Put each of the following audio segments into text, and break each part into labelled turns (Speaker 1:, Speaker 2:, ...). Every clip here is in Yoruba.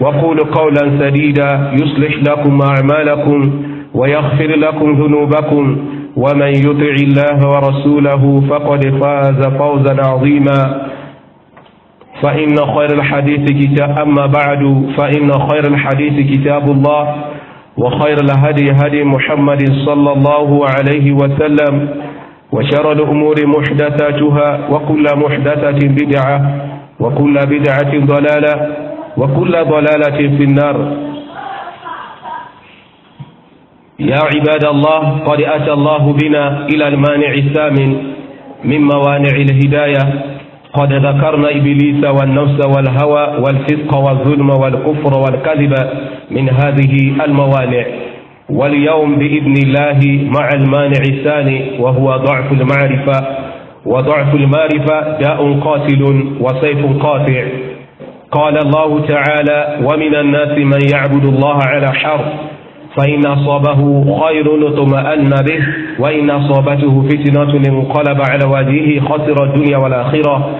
Speaker 1: وقولوا قولا سديدا يصلح لكم أعمالكم ويغفر لكم ذنوبكم ومن يطع الله ورسوله فقد فاز فوزا عظيما فإن خير الحديث كتاب أما بعد فإن خير الحديث كتاب الله وخير الهدي هدي محمد صلى الله عليه وسلم وشر الأمور محدثاتها وكل محدثة بدعة وكل بدعة ضلالة وكل ضلالة في النار يا عباد الله قد أتى الله بنا إلى المانع الثامن من موانع الهداية قد ذكرنا إبليس والنفس والهوى والفسق والظلم والكفر والكذب من هذه الموانع واليوم بإذن الله مع المانع الثاني وهو ضعف المعرفة وضعف المعرفة داء قاتل وسيف قاطع قال الله تعالى ومن الناس من يعبد الله على حرف فإن أصابه خير اطمأن به وإن أصابته فتنة انقلب على وجهه خسر الدنيا والآخرة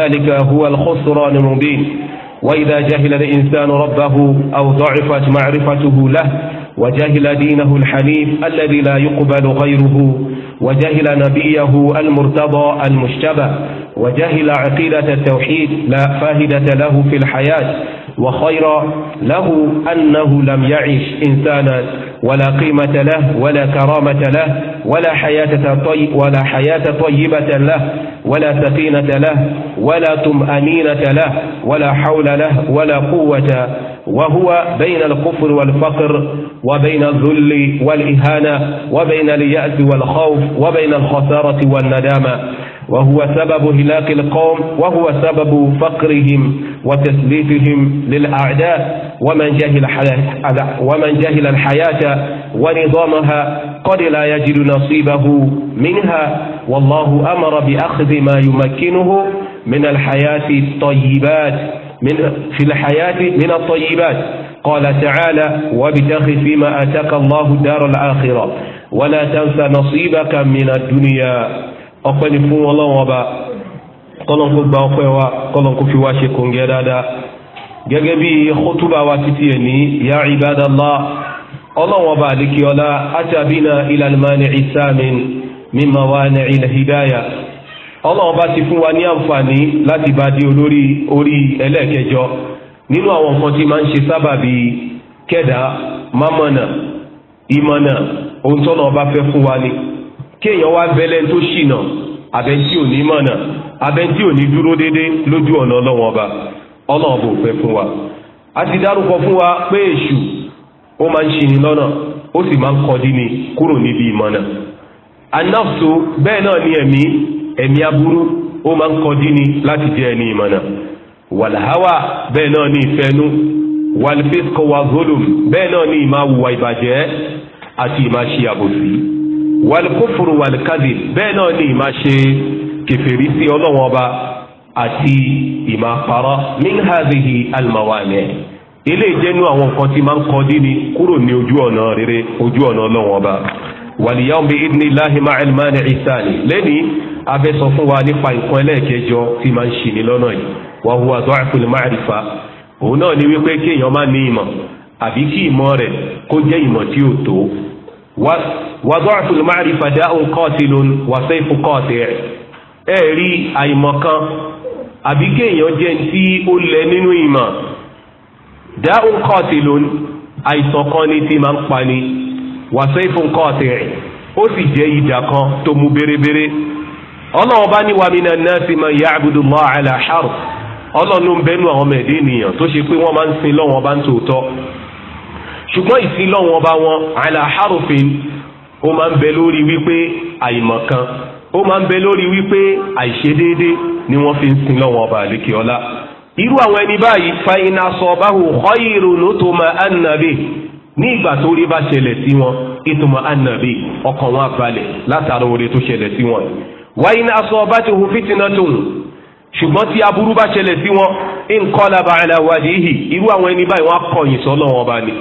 Speaker 1: ذلك هو الخسران المبين وإذا جهل الإنسان ربه أو ضعفت معرفته له وجهل دينه الحنيف الذي لا يقبل غيره وجهل نبيه المرتضى المشتبه وجهل عقيدة التوحيد لا فاهدة له في الحياة وخيرا له أنه لم يعش إنسانا ولا قيمة له ولا كرامة له ولا حياة طيب ولا حياة طيبة له ولا سكينة له ولا طمأنينة له ولا حول له ولا قوة وهو بين الكفر والفقر وبين الذل والإهانة وبين اليأس والخوف وبين الخسارة والندامة وهو سبب هلاك القوم وهو سبب فقرهم وتسليفهم للأعداء ومن جهل ومن جهل الحياة ونظامها قد لا يجد نصيبه منها والله أمر بأخذ ما يمكنه من الحياة الطيبات من في الحياة من الطيبات قال تعالى وابتغ فيما آتاك الله الدار الآخرة ولا تنس نصيبك من الدنيا ọpẹ́ ni fún ọlọ́run ọba kọ́lọ́n kó gba ọpẹ́ wa kọ́lọ́n kó fi wá ṣe kòǹgẹ́ dáadáa gẹ́gẹ́ bí kótóbá wa títí ẹ̀ ní ya ibadallah ọlọ́run ọba àdékíọ́lá atabina ilalmani isamin mimma wani'i alhidaya ọlọ́run bá ti fún wa ní àǹfààní láti bá di olórí orí ẹlẹ́ẹ̀kẹjọ nínú àwọn nǹkan tí máa ń ṣe sábàbí kẹ́dà mámọ̀nà ìmọ̀nà ohun tọ́nà ọba fẹ́ fún wa ni kéèyàn wá bẹ́lẹ̀ tó ṣìnà abẹ́ tí ò ní mọ̀nà abẹ́ tí ò ní dúró déédéé lójú ọ̀nà ọlọ́wọ́n ọba ọlọ́wọ́n bò fẹ́ fún wa a ti dárúkọ fún wa pé èṣù ó máa ń ṣini lọ́nà ó sì máa ń kọ́dí ni kúrò níbi ìmọ̀nà anáfso bẹ́ẹ̀ náà ni ẹ̀mí ẹ̀mí aburú ó máa ń kọ́dí ni láti jẹ́ ẹni ìmọ̀nà wàlháwà bẹ́ẹ̀ náà ni ìfẹ́nu wàlfẹ́sọ̀wà zolom bẹ́ẹ̀ náà ni ìmáwùwà ìbàjẹ́ àti ìmáṣe àbòsí wàlúkófòrò wàlúkádì bẹ́ẹ̀ náà ni ìmá ṣe kẹfẹ́rí sí ọlọ́wọ́n ọba àti ìmá parọ́ minhazihi almawani ilé ìjẹ́nu àwọn nǹkan tí máa ń kọ́ dín ní kúrò ní ojú ọ̀nà rere ojú ọ̀nà ọlọ́wọ́n ọba wàlíyàwó bí idni láhi máa ẹlmánì ìsáàlì lẹ́ni abẹ́ sọ fún wa nípa nǹkan ẹlẹ́ẹ̀kẹjọ tí máa ń ṣì ní lọ́nà yìí wà hùwà tó àìkúlẹ̀ máa òun náà ni wípé kéèyàn má ní ìmọ̀ àbí kí ìmọ̀ rẹ̀ kó jẹ́ ìmọ̀ tí ò tó wàdọ́ọ̀tù lùmáàrí fàdá òǹkọ́ọ̀tìlù wàṣẹ́fù kọ́ọ̀tì rẹ̀ ẹ rí àìmọ̀kan àbí kéèyàn jẹ́ tí ó lẹ nínú ìmọ̀ dá òǹkọ́ọ̀tìlù àìsàn kan ní ti máa ń pani wàṣẹ́fù kọ́ọ̀tì rẹ̀ ó sì jẹ́ ìdà kan tó mú bérebére ọlọ́run bá ní wàmínà náà sì máa yá àbùdùmọ́ àlàhàrù ọlọ́run ló ń bẹ́nu àwọn ọmọ ẹ̀dẹ́ tó ṣe pé wọ́n máa ń sin lọ́wọ́n bá ń tòótọ́ ṣùgbọ́n ìsílọ́wọ́n ọba wọn àìlà harufin ó máa ń bẹ lórí wípé àìmọ̀kan ó máa ń bẹ lórí wípé àìṣedéédé ni wọ́n fi ń sin lọ́wọ́n ọba àlékè ọlá irú àwọn ẹni báyìí fa iná sọ báwo khairun ló tó máa ànàbì ní ìgbà tó rí bá ṣẹlẹ̀ sí wọn ètò máa ànàbì ọkàn wọn àbalẹ̀ látara oore tó ṣẹlẹ̀ sí wọn wáyé iná sọ bá ti hu fìtínà tó hùn ṣùgbọ́n tí aburú bá ṣẹlẹ̀ sí wọn ń kọ́ làbàlà wàdí irú àwọn ẹni báyìí wọ́n á kọ̀yìn sọ́lọ́wọ́n ọba ni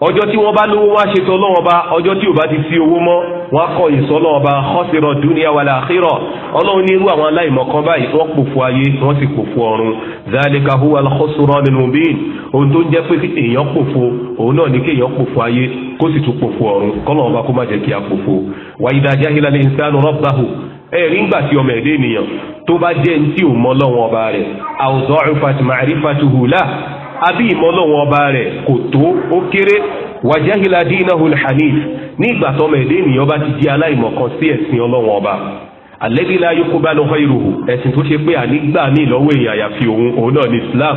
Speaker 1: ọjọ́ tí wọ́n bá lówó wá ṣe tọ́ lọ́wọ́ bá ọjọ́ tí ò bá ti sí owó mọ́ wọ́n kọ ìsọ́ lọ́wọ́ bá khasira dunya wal akhira ọlọ́run ní irú àwọn aláìmọ̀kan báyìí wọ́n pòfo ayé wọ́n sì pòfo ọ̀run zalika huwa al-khusranul mubin ohun tó ń jẹ́ pé èèyàn pòfo òun náà ní kí èèyàn pòfo ayé kó sì tún pòfo ọ̀run kọ́lọ́wọ́ bá kó má jẹ́ kí a pòfo wa idha àbí ìmọ̀lọ́wọ́n ọba rẹ̀ kò tó ó kéré wàjáhìlá dínáhu hanif ní ìgbà tọmọ èdè ènìyàn bá ti di aláìmọ̀kan sí ẹ̀sìn ọlọ́wọ́n ọba àlẹ́dílá yókù bá lọ́kọ́ ìròhù ẹ̀sìn tó ṣe pé ànígbà ní ìlọ́wọ́ èèyàn àyàfi òun òun náà ní islam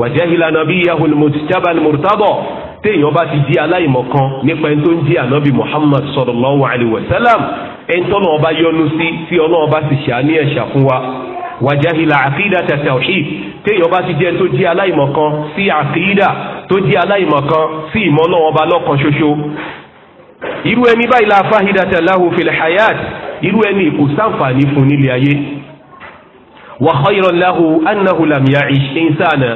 Speaker 1: wàjáhìlá nàbí yahul mujtaba murtabọ téèyàn bá ti di wàjáhìlà àkídà tẹ̀tẹ̀ọ̀hì téèyàn bá ti jẹ́ tó jẹ́ aláìmọ̀kan sí àkídà tó jẹ́ aláìmọ̀kan sí ìmọ̀lọ́wọ́ ọba lọ́kan ṣoṣo irú ẹni báyìí la fáhídà tẹ̀láhùn fìlẹ̀ hayat irú ẹni kò sáǹfààní fún nílé ayé wa khayran lahu annahu lam ya'ish insana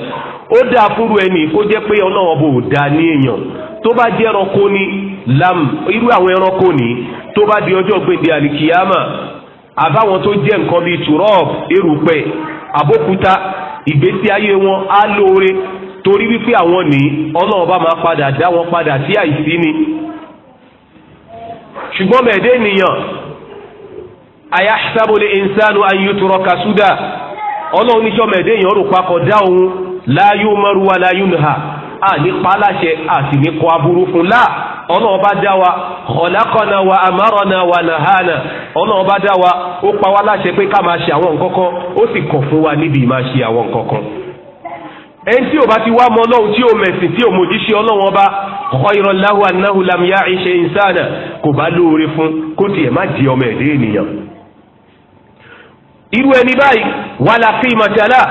Speaker 1: ó dáa fúru ẹni kó jẹ́ pé ọlọ́wọ́ bò dáa ní èèyàn tó bá jẹ́ ẹranko ni irú àwọn ẹranko ni tó bá di ọjọ́ gbèdé àlìkìyàmà àbáwọn tó jẹ́ nǹkan bíi turọ́ọ̀bù erùpẹ̀ àbókúta ìgbésí ayé wọn á lóore torí wípé àwọn ní ọlọ́run bá máa padà dá wọn padà sí àìsí ni ṣùgbọ́n mẹ̀ẹ́dẹ́ ènìyàn ayahsabu li insanu an kasuda ọlọ́run níṣọ́ mẹ̀ẹ́dẹ́ èèyàn rò dá òun wa àní paláṣẹ àti ní kọ aburú fún láà ọlọ́run bá dá wa khalaqana wa amarana wa nahana ọlọ́run bá dá wa ó pa wá láṣẹ pé ká máa ṣe àwọn nǹkan kan ó sì kọ̀ fún wa níbi ìmáa ṣe àwọn nǹkan kan ẹni tí o bá ti wá mọ ọlọ́run tí o mẹ̀sìn tí o mòjíṣẹ́ ọlọ́run ọba khayran lahu annahu lam ya'ish insana kò bá lóore fún kó tiẹ̀ má di ọmọ ẹ̀dẹ́ ènìyàn irú ẹni báyìí wala qimata la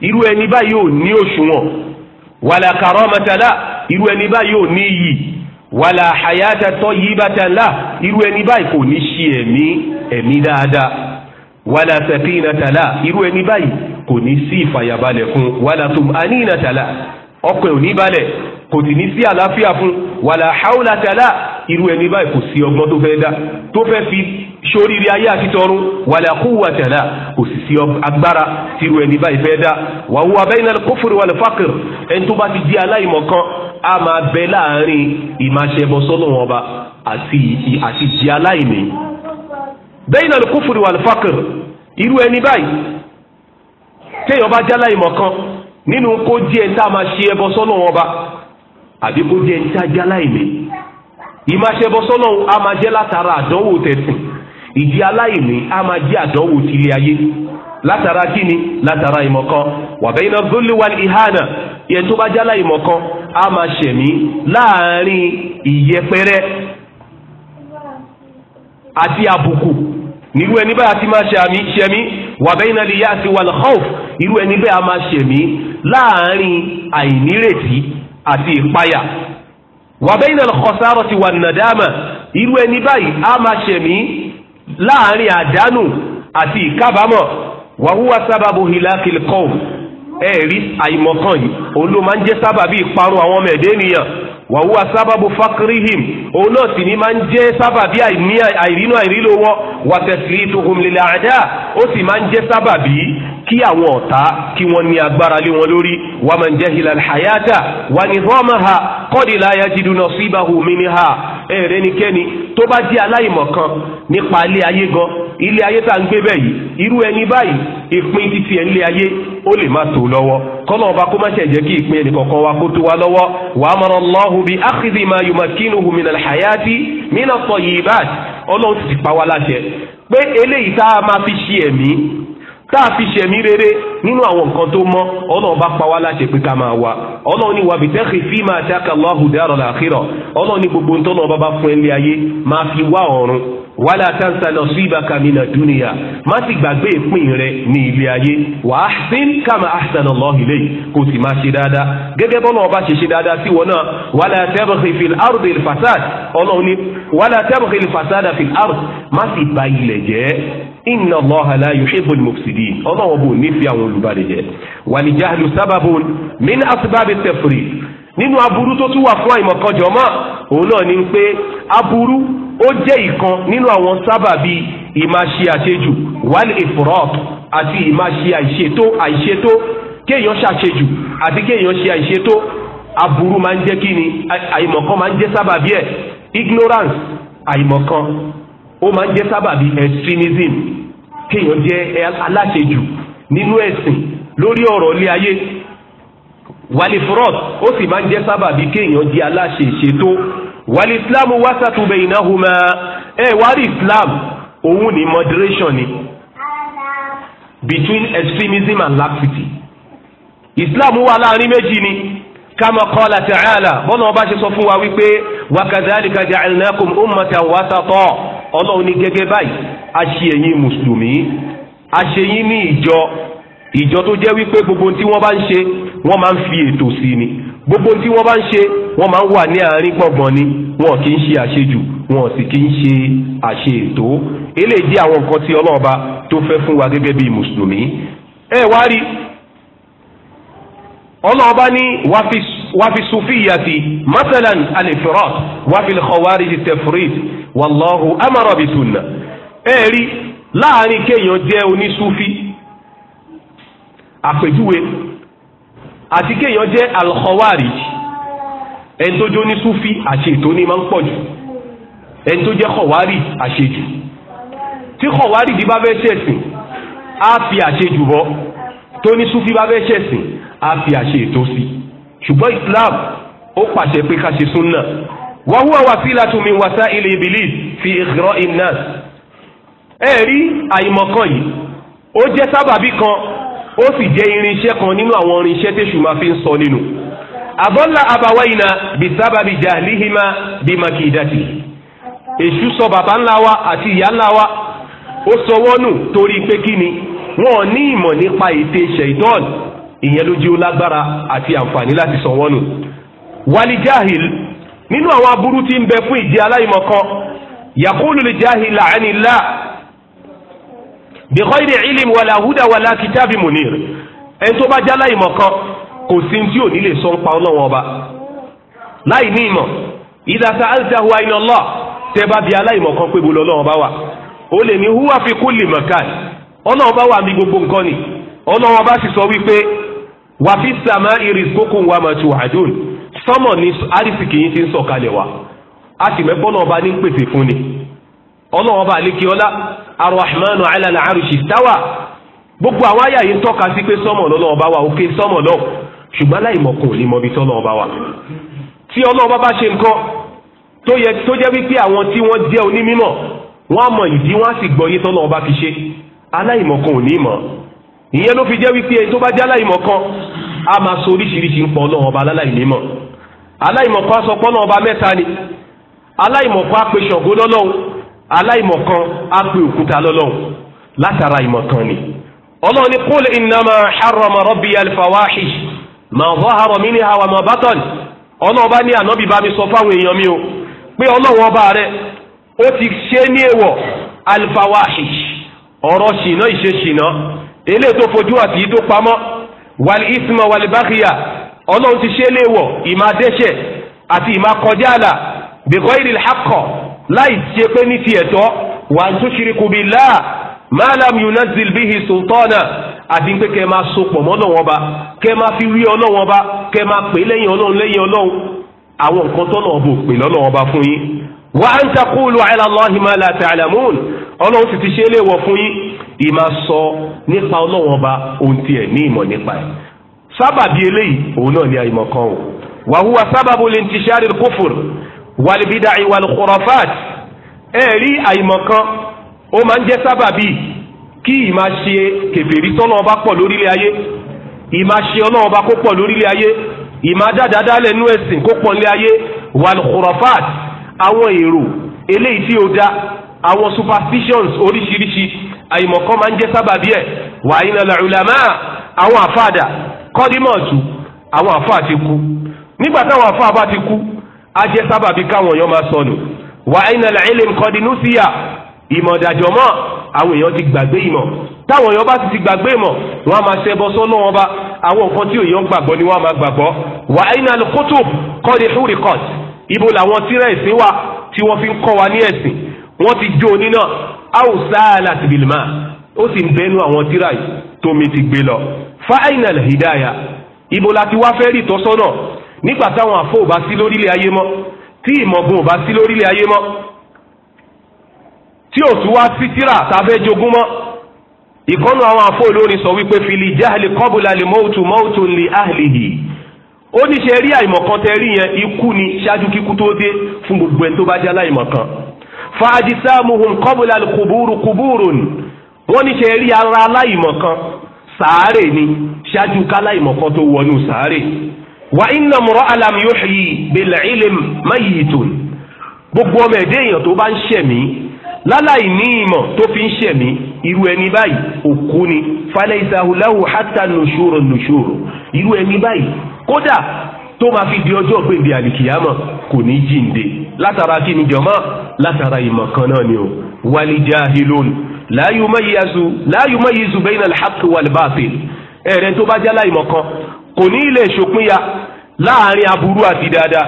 Speaker 1: irú ẹni báyìí ò ní òṣùwọ̀n wàlà kàrọ́mọ̀tàlá irú ẹni báyìí ò ní iyì wàlà àyàtàtọ̀ yìí bàtàlá irú ẹni báyìí kò ní ṣe ẹ̀mí ẹ̀mí dáadáa wàlà sẹ̀kínàtàlá irú ẹni báyìí kò ní sí ìfàyàbalẹ̀ fún wàlà tùmánínàtàlá ọkọ̀ ò ní balẹ̀ kò sì ní sí àlàáfíà fún wàlà hàúlàtàlá irú ẹni báyìí kò sí ọgbọ́n tó fẹ́ dá tó fẹ́ fi sóríire ayé àti tọ̀run wàlà kúwàtàlá kò sì àti agbára tí irú ẹni báyìí fẹ́ dá wa huwa bayna al-kufri wal-faqr ẹni tó bá ti di aláìmọ̀kan á máa bẹ láàrin ìmáṣẹbọ sọ́lọ́wọ́n ọba àti di aláìní bayna al-kufri wal-faqr irú ẹni báyìí téèyàn bá jẹ́ aláìmọ̀kan nínú kó díẹ̀ tá a máa ṣe ẹbọ sọ́lọ́wọ́n ọba àbí kó jẹ́ níta jẹ́ aláìní ìmáṣẹ́bọ́sọ́nà a máa jẹ́ látara àdánwò tẹ̀sìn ìdí aláìní a máa jẹ́ àdánwò tilé ayé látara kíni látara ìmọ̀kan wàbẹ́yìn náà zulli wal ihana ìyẹn tó bá jálá ìmọ̀kan á máa ṣẹ̀mí láàrin ìyẹpẹrẹ àti àbùkù nírú ẹni báyà ti máa ṣẹ̀mí wàbẹ́yìn náà lè yá sí wal irú ẹni bẹ́ẹ̀ máa ṣẹ̀mí láàrin àìnírètí àti ìpayà wàbẹ́yìn al-khasara ti wà nàdámà irú ẹni báyìí a máa ṣẹ̀mí láàrin àdánù àti ìkábàámọ̀ wàhùwà sábàbù hilakil kọ́ọ̀ ẹ̀rí àìmọ̀kan yìí òun ló máa ń jẹ́ sábàbí ìparun àwọn ọmọ ẹ̀dẹ́ ènìyàn wàhùwà sábàbù fakrihim òun náà sì ni máa ń jẹ́ sábàbí àìrínú àìrílò wọn wàtẹ̀sírí tuhumlélẹ̀ àdá ó sì máa ń jẹ́ sábàbí kí àwọn ọ̀tá kí wọ́n ní agbára lé wọn lórí wà máa ń jẹ́ hilal hayata wà ní rọ́mà ha kọ́dìlá ayájídùnà síbàhù mi ní ha ẹ̀rẹ́nikẹ́ni tó bá jẹ́ aláìmọ̀kan nípa ilé ayé gan ilé ayé tá à ń gbé bẹ́ẹ̀ yìí irú ẹni báyìí ìpín títí ẹ̀ nílé ayé ó lè má tó lọ́wọ́ kọ́nà ọba kó má ṣe jẹ́ kí ìpín ẹnì kọ̀ọ̀kan wa kó tó wa lọ́wọ́ wa amara Allahu bi akhidhi ma yumakkinuhu minal hayati minat tayyibat ọlọ́run ti pa wá láṣẹ pé eléyìí tá a máa fi ṣe ẹ̀mí tá a fi ṣẹ̀mí rere nínú àwọn nǹkan tó mọ́ ọlọ́run bá pa wá láṣẹ pé ká máa wá ọlọ́run ní wàbítẹ́kì fí máa ṣe àkàlọ́ àhùdá àrọ̀lá àkírọ̀ ọlọ́run ní gbogbo ntọ́nà ọba bá fún ẹ ní ayé máa fi wá ọ̀run wàlá tansa nasibaka mina dúnìyà má sì gbàgbé ìpín rẹ ní ilé ayé wa ahsin kama ahsana Allahu ilayk kò sì máa ṣe dáadáa gẹ́gẹ́ bọ́lá ọba ṣe ṣe dáadáa sí wọn náà wàlá tabghi fil ardi fasad ọlọ́run ní wàlá tabghi fasada fil ardi má sì bà ilẹ̀ jẹ́ inna allaha la yuhibbu al-mufsidin ọlọ́wọ́ bò nífẹ̀ẹ́ àwọn olùbàdàn jẹ́ wàlìjáàlù sábàbùn min asbábi tẹ̀fùrì nínú aburú tó tún wà fún àìmọ̀kànjọ́ ó jẹ́ ìkan nínú àwọn sábàbí ìmáṣe àṣejù wal ifrat àti ìmáṣe àìṣètò àìṣètò kéèyàn ṣàṣejù àti kéèyàn ṣe àìṣètò aburú máa ń jẹ́ kí ni àìmọ̀kan máa ń jẹ́ sábàbí ẹ̀ ignorance àìmọ̀kan ó máa ń jẹ́ sábàbí extremism kéèyàn jẹ́ aláṣejù nínú ẹ̀sìn lórí ọ̀rọ̀ ilé ayé wal ifrat ó sì máa ń jẹ́ sábàbí kéèyàn jẹ́ aláṣe ìṣètò wàlí islam wásàtú baynahuma ẹ wàlí islam òun ni moderation ni between extremism and laxity islam wà láàrin méjì ni kama qala ta'ala bọ́lá ọba ṣe sọ fún wa wípé wa kadhalika ja'alnakum ummatan wasata ọlọ́run ní gẹ́gẹ́ báyìí a ṣe ẹ̀yin mùsùlùmí a ṣe yín ní ìjọ ìjọ tó jẹ́ wípé gbogbo tí wọ́n bá ń ṣe wọ́n máa ń fi ètò sí ni gbogbo tí wọ́n bá ń ṣe wọ́n máa ń wà ní àárín gbọ̀ngbọ̀n ni wọn kì í ṣe àṣejù wọn sì kì í ṣe àṣe ètò eléyìí jẹ́ àwọn nǹkan tí ọlọ́ọ̀ba tó fẹ́ fún wa gẹ́gẹ́ bíi mùsùlùmí ẹ wá rí ọlọ́ọ̀ba ní wàfi sufiyati masalan alifirat wàfi khawarij tefrit wàlláhu amara bi ẹ rí láàárín kéèyàn jẹ́ onísúfì àpèjúwe àti kéèyàn jẹ́ alkhawarij ẹni tó jó ní súfì àṣetò ní máa ń pọ̀ jù ẹni tó jẹ́ khawarij àṣejù tí khawarij bá fẹ́ ṣẹ̀sìn á fi àṣejù bọ́ tó ní súfì bá fẹ́ ṣẹ̀sìn á fi àṣetò sí ṣùgbọ́n Islam ó pàṣẹ pé ká ṣe súnà wàhùwà wasilatu min wasaili ibilis fi ighra'i nnas ẹ̀rí àìmọ̀kan yìí ó jẹ́ sábàbí kan ó sì jẹ́ irinṣẹ́ kan nínú àwọn irinṣẹ́ tẹ̀sù máa fi ń sọ nínú. àbọ́là àbáwáyìnà bisábàbí jàlíhìmá bí makidati èṣù sọ bàbá ńlá wa àti ìyá ńlá wa ó sọ wọ́n nù torí pé kí ni wọ́n ní ìmọ̀ nípa ète ṣẹ̀dọ́ọ̀nù ìyẹn ló jẹ́ ó lágbára àti àǹfààní láti sọ wọ́n nù. wali jahil nínú àwọn aburú tí ń bẹ fún ìdí aláìmọ̀kan yaqulu li jahil anillah bi khayri ilm wala huda wala kitabi munir ẹni tó bá já láì mọ̀ kan kò sí tí ò ní lè sọ ń pa ọlọ́wọ́n ọba láì ní ìmọ̀ idha sa'altahu ayna Allah tẹ́ bá bi aláìmọ̀ kan pé bolo ọlọ́wọ́n ọba wà ó lè ní huwa fi kulli makan ọlọ́wọ́n ọba wà ní gbogbo nǹkan ni ọlọ́wọ́n ọba sì sọ wípé wà fi sàmà irisokun wa mà tuwàdùn sọmọ ní arísìkì yìí ti ń sọ̀kalẹ̀ wa a sì mẹ́bọ́nà ọba ní pèsè fún ni ọlọ́wọ́n bá àlékè ọlá arahmanu alala arushi tawa gbogbo àwọn àyà yìí ń tọ́ka sí pé sọ́mọ̀ lọ́lọ́wọ́n bá wà òkè sọ́mọ̀ náà ṣùgbọ́n aláìmọ̀kùn ní mọ̀bí tọ́lọ́wọ́n bá wà tí ọlọ́wọ́n bá bá ṣe nǹkan tó yẹ tó jẹ́ wípé àwọn tí wọ́n jẹ́ onímọ̀ wọ́n á mọ ìdí wọ́n á sì gbọ́ yé tọ́lọ́wọ́n bá fi ṣe aláìmọ̀kùn ò ní mọ̀ ìyẹn ló fi jẹ́ wípé lọ́lọ́run aláìmọ̀kan á pe òkúta lọ́lọ́run látara ìmọ̀kan ni ọlọ́run ní qul innama harrama rabbi al-fawahish ma zahara minha wa ma batan ọlọ́run bá ní ànábì bá mi sọ fáwọn èèyàn mi o pé ọlọ́run ọba rẹ ó ti ṣe ní èèwọ̀ al-fawahish ọ̀rọ̀ ṣìnà ìṣeṣìnà eléyìí fojú àti yìí pamọ́ wal isma wal baghiya ọlọ́run ti ṣe léèwọ̀ ìmá dẹ́ṣẹ̀ àti ìmá kọjá àlà bi ghayril haqq láì ṣe pé ní ti ẹ̀tọ́ wà á tushriku billah ma lam yunazil bihi sultana àti pé kẹ́ ẹ máa so pọ̀ mọ́ Ọlọ́run Ọba kẹ́ ẹ máa fi wí Ọlọ́run Ọba kẹ́ ẹ máa pè lẹ́yìn Ọlọ́run lẹ́yìn Ọlọ́run àwọn nǹkan tọ́nà ọ̀bọ̀ pè lọ́lọ́run Ọba fún yín wa an taqulu ala Allahi ma la ta'lamun ọlọ́run sì ti ṣe é léèwọ̀ fún yín ìmá sọ nípa ọlọ́run ọba ohun tí ẹ̀ ní ìmọ̀ nípa ẹ̀ sábàbí eléyìí òun náà ni àìmọ̀ wàlìbídàì wàlìkùrọ̀fàt ẹ̀rí àìmọ̀kan ó máa ń jẹ́ sábàbí kí ìmá ṣe kèfèrí sọ́nà ọba pọ̀ lórílẹ̀ ayé ìmá ṣe ọlọ́run ọba kó pọ̀ lórílẹ̀ ayé ìmá dáadáa lẹ́nu ẹ̀sìn kó pọ̀ nílẹ̀ ayé wàlìkùrọ̀fàt àwọn èrò eléyìí tí ó dá àwọn superstitions oríṣiríṣi àìmọ̀kan máa ń jẹ́ sábàbí ẹ̀ wàhálà làlùlámà àwọn àfáàdà kọ́dímọ̀tù àwọn àfáà ti kú nígbà táwọn àfáà bá ti kú á jẹ́ sábàbí káwọn èèyàn máa sọnù wà á iná làílẹ̀ nǹkan dínú sí yà ìmọ̀ ìdàjọ́ mọ́ àwọn èèyàn ti gbàgbé ìmọ̀ táwọn èèyàn bá ti ti gbàgbé ìmọ̀ wọn á máa ṣẹbọ sọ́nà wọn bá àwọn nǹkan tí èèyàn gbàgbọ́ ni wọ́n á máa gbàgbọ́ wà á iná kótó kọ́ni hurikot ibo làwọn tíra ẹ̀sìn wà tí wọ́n fi ń kọ́ wa ní ẹ̀sìn wọ́n ti jó oníná àwùsáàlà tìbìlìmá ó sì ń bẹnu àwọn tíra tómi ti gbé lọ fáìnàl hidaya ibo la wá fẹ́ rí ìtọ́sọ́nà nígbà táwọn àfọ ò bá sí lórílẹ̀ ayé mọ́ tí ìmọ̀gun ò bá sí lórílẹ̀ ayé mọ́ tí ò tún wá sí tíra tàbẹ́ jogún mọ́ ìkọ́nù àwọn àfọ olórin sọ wípé fìlì jáàlì kọ́bùlà lè mọ́ọ̀tù mọ́ọ̀tù lè áhìlìhì ó ní ṣe rí àìmọ̀kan tẹ rí yẹn ikú ni ṣáájú kíkú tó dé fún gbogbo ẹni tó bá jẹ́ aláìmọ̀kan fàájísáàmùhùn kọ́bùlà kùbúrú kùbúrú ni wọ́n ní ṣe rí ara aláìmọ̀kan sàárè ni ṣáájú káláìmọ̀kan tó wọnú sàárè wà iná mọ̀rọ́ alam yóò xì bẹ̀lẹ̀ ilẹ̀ má yìí tòn gbogbo ọmọ ẹ̀dẹ́ èèyàn tó bá ń ṣẹ̀mí láláì ní ìmọ̀ tó fi ń ṣẹ̀mí irú ẹni báyìí òkú ni falẹ̀ ìsàhùláhù hátà nùṣòro nùṣòro irú ẹni báyìí kódà tó máa fi di ọjọ́ gbèǹde àlìkìyàmọ̀ kò ní jíǹde látara kí ni jọ̀mọ́ látara ìmọ̀ kan náà ni o walijahilun láyùmọ̀ yíyazù láyùmọ̀ yíyazù bẹ́yìn alḥàkì wàlbàfẹ́ ẹ̀rẹ́ tó bá jálá ìmọ̀ kan kò ní ilé ìṣòpinya láàrin aburú àti dáadáa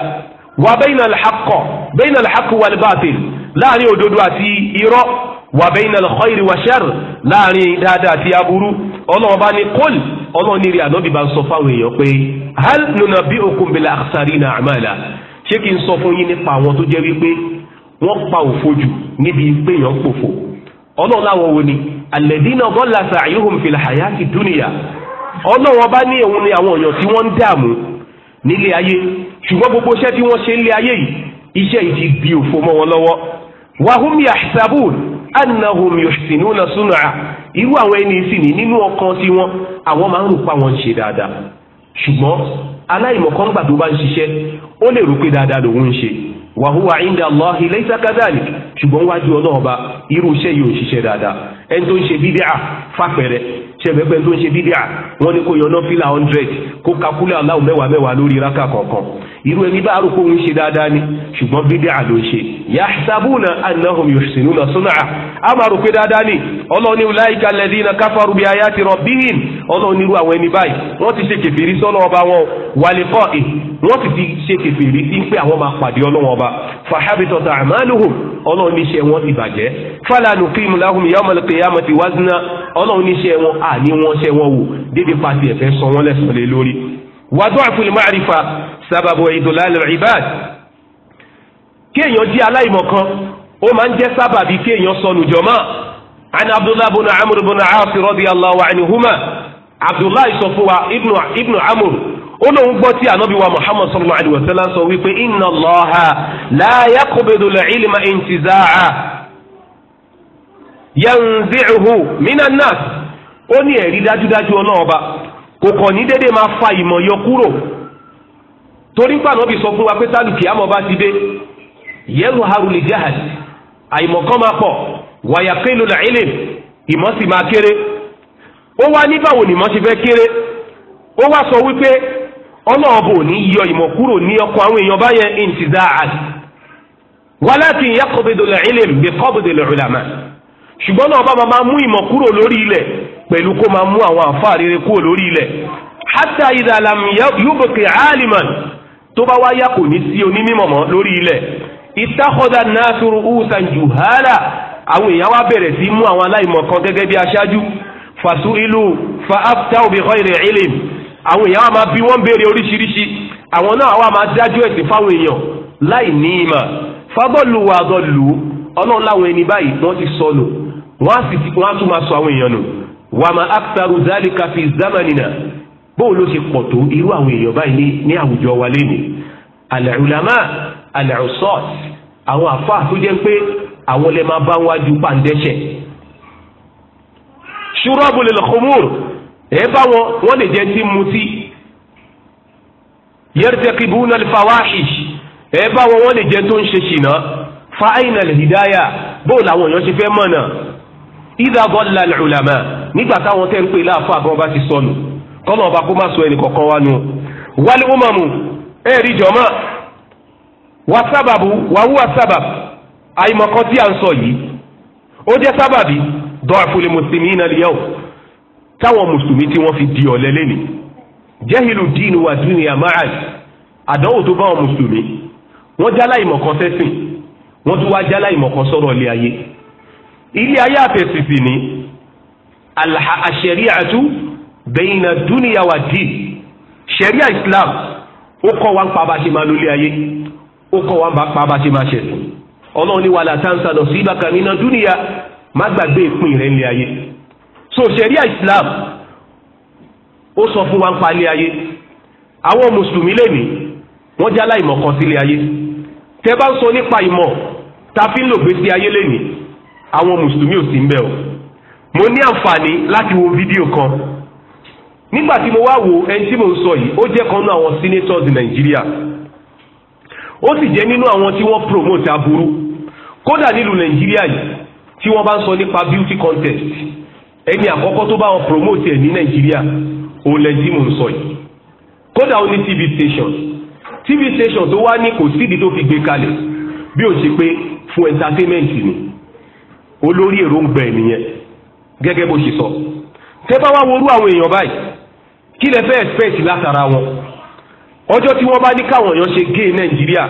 Speaker 1: wà bẹ́yìn alḥakọ̀ bẹ́yìn alḥakọ̀ wà lẹ́bàtẹ̀ láàrin òdodo àti irọ́ wà bẹ́yìn alkhayri wà ṣẹ́r láàrin dáadáa àti aburú ọlọ́wọ́ bá ní kọ́lì ọlọ́wọ́ ní rí ànábì bá ń sọ fáwọn èèyàn pé hal nunabbi'ukum bil akhsarina a'mala ṣé kí n sọ fún yín nípa àwọn tó jẹ́ wípé wọ́n pa òfo jù níbi pé èèyàn pòfo ọlọ́wọ́ láwọn wo ni alladhina dhalla sa'yuhum fil hayati dunya ọlọ́wọ́n bá ní òun ni àwọn èèyàn tí wọ́n ń dààmú nílé ayé ṣùgbọ́n gbogbo iṣẹ́ tí wọ́n ṣe nílé ayé yìí iṣẹ́ yìí ti òfo mọ́ wọn lọ́wọ́ wahum yahsabun annahum yuhsinuna sun'a irú àwọn ẹni sì ní nínú ọkàn tí wọn àwọn máa ń rò pa wọn ṣe dáadáa ṣùgbọ́n aláìmọ̀kàngbà tó bá ń ṣiṣẹ́ ó lè rò pé dáadáa lòun ń ṣe wa huwa inda Allahi laysa kadhalik ṣùgbọ́n wájú ọlọ́ọ̀ba irú iṣẹ́ yìí ò ṣiṣẹ́ dáadáa ẹni tó ń ṣe bídíà fàpẹ̀rẹ̀ ṣẹ̀fẹ̀fẹ̀ tó ń ṣe bídíà wọ́n ní kó yọ náfìlà hundred kó kakúlẹ̀ aláwọ̀ mẹ́wàá mẹ́wàá lórí rákà kọ̀ọ̀kan irú ẹni bá arúgbó ń ṣe dáadáa ni ṣùgbọ́n bídíà ló ń ṣe yahsabuna annahum yuhsinuna sun'a a máa rò pé dáadáa ni ọlọ́ọ̀ni ulaika alladhina kafaru bi ayati rabbihim ọlọ́ọ̀ni irú àwọn ẹni báyìí wọ́n ti ṣe kẹfìrí sọ́nà ọba wọn wa liqa'i wọ́n ti ti ṣe kẹfìrí sí pé àwọn máa pàdé ọlọ́wọ́n ọba fahabitat a'maluhum ọlọ́ọ̀ni iṣẹ́ wọn ti bàjẹ́ wa du'ful ma'rifa sábàbù idlalil ibad kéèyàn jẹ́ aláìmọ̀kan ó máa ń jẹ́ sábàbí kéèyàn sọnù jọ̀mọ́ an abdullah ibn amr ibn aas radiyallahu anhuma abdullah sọ fún wa ibnu ibnu amr ó lóun gbọ́ tí ànábi wa muhammad sallallahu alayhi wa sallam sọ wípé inna allaha la yaqbidu al-ilma intizaa yanzi'uhu minan nas ó ní ẹ̀rí dájúdájú ọlọ́ọ̀ba kò ma ní dédé máa fa ìmọ̀ yọ kúrò torí pé ànábì sọ fún wa pé tálùkì bá ti dé yẹ́rù haruli jahad àìmọ̀ kan máa pọ̀ wàyàkélu làílè ìmọ̀ sì máa kéré ó wá ní ni ìmọ̀ fẹ́ kéré ó wá sọ wípé ọlọ́ọ̀bù ò ní yọ ìmọ̀ kúrò ní ọkọ̀ àwọn èèyàn báyẹn ìǹtìzá àti wàláàkì yàkọ̀bẹ̀dọ̀ làílè bí kọ́bẹ̀dọ̀ làílè ṣùgbọ́n náà bá máa mú ìmọ̀ kúrò lórí ilẹ̀ pẹ̀lú kó máa mú àwọn àfáà rere kúrò lórí ilẹ̀ hátà ìdàlám yóbòkè àlìmán tó bá wáyà kò ní sí onímọ̀ mọ́ lórí ilẹ̀ ìtàkọ́dà nàásùrù ùsàn jùhálà àwọn èèyàn wá bẹ̀rẹ̀ sí mú àwọn aláìmọ̀ kan gẹ́gẹ́ bí aṣáájú fàṣú ìlú fa aftau bi ghayri ilm àwọn èèyàn wa máa bí wọ́n béèrè oríṣiríṣi àwọn náà wa máa dájú ẹ̀sìn fáwọn èèyàn láì ní ìmọ̀ fagọ́lù wàgọ́lù ọlọ́run láwọn ẹni báyìí wọ́n ti sọnù wọ́n á sì tún máa sọ àwọn èèyàn nù wàmà aktaru zálìkà fi zamanina bóun ló ṣe pọ̀ tó irú àwọn èèyàn báyìí ní àwùjọ wa lénìí al-ulama al-usat àwọn àfa tó jẹ́ pé àwọn lè máa bá wájú pàǹdẹ́ṣẹ̀ ṣúrọ́bù lil khumur ẹ̀ bá wọn wọ́n lè jẹ́ tí mutí yartakibuna al-fawahish ẹ̀ bá wọn wọ́n lè jẹ́ tó ń ṣe ṣìnà fa ayna hidaya bóun làwọn èèyàn ṣe fẹ́ mọ̀nà idha dhalla al nígbà táwọn tẹ́ ń pè láàfáà gan bá ti sọnù kọ́nà ọba kó má sọ ẹnì kọ̀ọ̀kan wá nu wálé ó mọ̀mù ẹ rí jọ̀mọ́ wà sábàbù wà wúwà sábàbù àìmọ̀kan tí a ń sọ yìí ó jẹ́ sábàbí dọ́àfúlẹ̀ mùsùlùmí iná lè yẹ̀wò táwọn mùsùlùmí tí wọ́n fi di ọ̀lẹ lẹ́nu jẹ́hìlù díìnì wà dúnì àmàràn àdánwò tó bá wọn mùsùlùmí wọ́n jálá ìmọ̀kan sẹ́sìn wọ́n tún wá jálá ìmọ̀kan sọ̀rọ̀ ilé ayé ilé ayé àtẹ̀sìsì ni àṣẹríàtú bẹ́yìn náà dúnìyà wà dín ṣẹ̀ríà islam ó kọ́ wa ń pa bá ṣe máa lólé ayé ó kọ́ wa ń pa bá ṣe máa ṣẹ̀sìn ọlọ́run ní wàhálà táǹsà lọ sí ibà kan nínú dúnìyà má gbàgbé ìpín rẹ̀ ńlẹ̀ ayé so ṣẹ̀ríà islam ó sọ fún wa ń pa ilé ayé àwọn mùsùlùmí lèmi wọ́n jálá ìmọ̀ kan sílé ayé tẹ́ bá ń sọ nípa ìmọ̀ tá a fi ń lò gbé sí ayé lèmi àwọn mùsùlùmí ò sí ń bẹ̀ o mo ní àǹfààní láti wo fídíò kan nígbà tí mo wá wo ẹni tí mo ń sọ yìí ó jẹ́ kan nínú àwọn senators nàìjíríà ó sì jẹ́ nínú àwọn tí wọ́n promote aburú kódà nílùú nàìjíríà yìí tí wọ́n bá ń sọ nípa beauty contest ẹni àkọ́kọ́ tó bá wọn promote ẹ̀ ní nàìjíríà òun lẹ́yìn tí mo ń sọ yìí kódà ó ní tv station tv station tó wá ní kò sídìí tó fi gbé kalẹ̀ bí ó ṣe pé fún entertainment ni olórí èròǹgbà ẹ̀ nìyẹn gẹ́gẹ́ bó ṣe sọ tẹ́ bá wá worú àwọn èèyàn báyìí kí lẹ fẹ́ expect látara wọn ọjọ́ tí wọ́n bá ní káwọn èèyàn ṣe gay nàìjíríà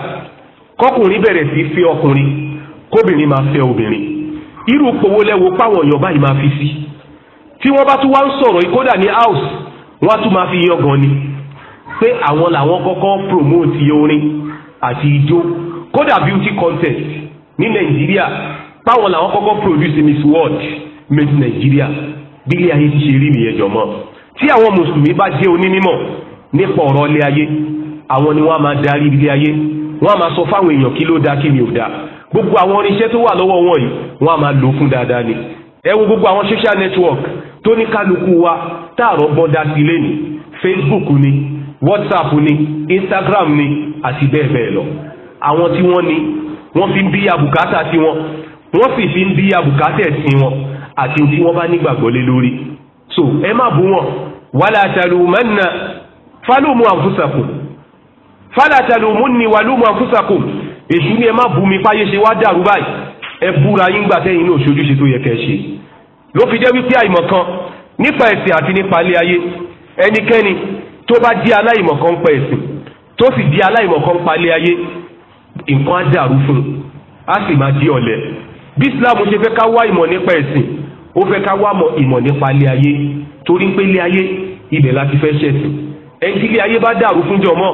Speaker 1: kọkùnrin bẹ̀rẹ̀ sí fẹ́ ọkùnrin kóbìnrin máa fẹ́ obìnrin irú pòwó lẹ́wọ́ páwọn èèyàn báyìí máa fi sí tí wọ́n bá tún wá ń sọ̀rọ̀ ìkódà ní house wọ́n á tún máa fi yangàn ni pé àwọn làwọn kọ́kọ́ promote orin àti ijó kódà beauty contest ní nàìjíríà páwọn làwọn kọ́kọ́ produce miss world made Nigeria bílé ayé ti ṣe rí nìyẹn jọ̀mọ́ tí àwọn mùsùlùmí bá jẹ́ onímọ̀ nípa ọ̀rọ̀ ilé ayé àwọn ni wọ́n á máa darí ilé ayé wọ́n á máa sọ fáwọn èèyàn kí ló dáa kí ni ò dáa gbogbo àwọn oníṣẹ́ tó wà lọ́wọ́ wọn yìí wọ́n á máa lò fún dáadáa ni ẹ gbogbo àwọn social network tó ní kálukú wa táàrọ̀ gbọ́n dá sí lé ní Facebook ni WhatsApp ni Instagram ni àti bẹ́ẹ̀ bẹ́ẹ̀ lọ àwọn tí wọ́n ní wọ́n fi ń bí abùkátà sí wọn wọ́n sì fi ń bí abùkátà sí wọn àti tí wọ́n bá nígbàgbọ́ lé lórí so ẹ má bú wọn wàlá talumanna fálùmù anfusakum fálà talumunni wàlùmù anfusakum èṣù ni ẹ má bú mi fáyé ṣe wá dàrú báyìí ẹ búra yín gbà tẹ́yìn náà ṣojúṣe tó yẹ kẹ́ ṣe ló fi jẹ́ wípé àìmọ̀kan nípa ẹ̀sìn àti nípa ilé ayé ẹnikẹ́ni tó bá di aláìmọ̀kan ń pa ẹ̀sìn tó sì di aláìmọ̀kan ń pa ilé ayé nǹkan á dàrú fún un á sì máa di ọ̀lẹ bí Islam ṣe fẹ́ ká wá ìmọ̀ nípa ẹ̀sìn ó fẹ́ ká wá mọ̀ ìmọ̀ nípa ilé ayé torí pé ilé ayé ibẹ̀ la ti fẹ́ ṣẹ̀sìn ẹni tí ilé ayé bá dàrú fúnjọ mọ́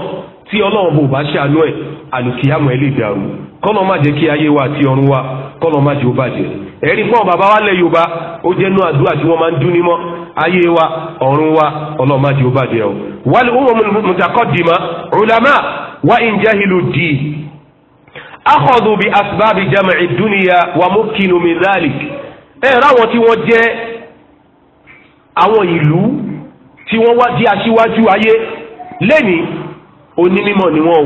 Speaker 1: tí ọlọ́run bò bá ṣàánú ẹ̀ àlùkìyàmọ̀ ẹ̀ lè dàrú kọ́nà má jẹ́ kí ayé wa àti ọ̀run wa kọ́nà má jẹ́ ó bàjẹ́ ẹ̀rí fún bàbá wa lẹ̀ yorùbá ó jẹ́ inú àdúrà tí wọ́n máa ń dún ní mọ́ ayé wa ọ̀run wa ọlọ́run má jẹ́ ó bàjẹ́ o. wal umamul mutaqaddima ulama wa in jahilu di akhadhu bi asbabi jam'i dunya wa mumkinu min dhalik ẹ ráwọn tí wọ́n jẹ́ àwọn ìlú tí wọ́n wá di aṣíwájú ayé lẹ́ni onímọ̀ ni wọ́n o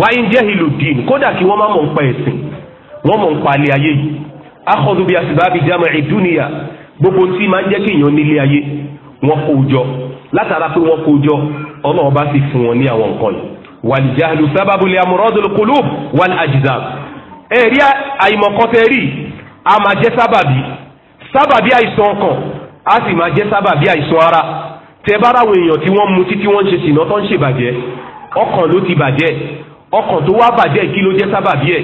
Speaker 1: wáyé ń jẹ́ ìlú dín kódà kí wọ́n má mọ̀ ń pa ẹ̀sìn wọ́n mọ̀ ń pa alẹ́ ayé yìí akọ́dún bíi àsìbábi jámọ̀ ìdúnìyà gbogbo tí máa ń jẹ́ kí èèyàn nílé ayé wọ́n kó jọ látara pé wọ́n kó jọ ọlọ́run bá sì fún wọn ní àwọn nǹkan yìí wàlìjáàlù sábàbùlì amúrọ́dùn kùlùb wàlì àjìzà ẹ̀rí àìmọ̀kọ́tẹ́rì a sábàbí àìsàn ọkàn á sì máa jẹ́ sábàbí àìsàn ara tẹ bá ráwọn èèyàn tí wọ́n mu títí wọ́n ń ṣe sìnà tó ń ṣèbàjẹ́ ọkàn ló ti bàjẹ́ ọkàn tó wá bàjẹ́ kí ló jẹ́ sábàbí ẹ̀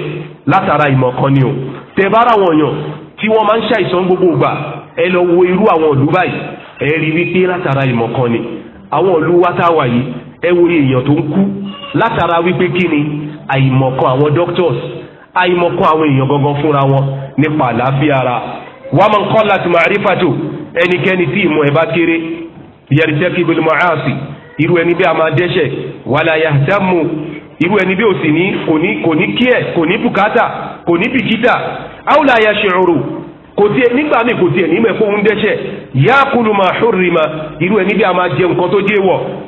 Speaker 1: látara ìmọ̀ kan ni o tẹ bá ráwọn èèyàn tí wọ́n máa ń ṣàìsàn gbogbo ìgbà ẹ lọ wo irú àwọn ìlú báyìí ẹ rí wípé látara ìmọ̀ kan ni àwọn ìlú wa tá a wà yìí ẹ wo èèyàn tó ń kú látara wípé kí ni àìmọ̀kan àwọn doctors àìmọ̀kan àwọn èèyàn gangan fúnra wọn nípa àlàáfíà ara wa man qallat ma'rifatu ẹnikẹ́ni tí ìmọ̀ ẹ̀ bá kéré yartakibul ma'asi irú ẹni bí a máa dẹ́ṣẹ̀ wala yahtamu irú ẹni bí o koni ní kò ní kò ní kí ẹ kò ní bùkátà kò ní bìkítà aw la yash'uru kò yakulu ma hurrima irú ẹni bí a máa jẹ nǹkan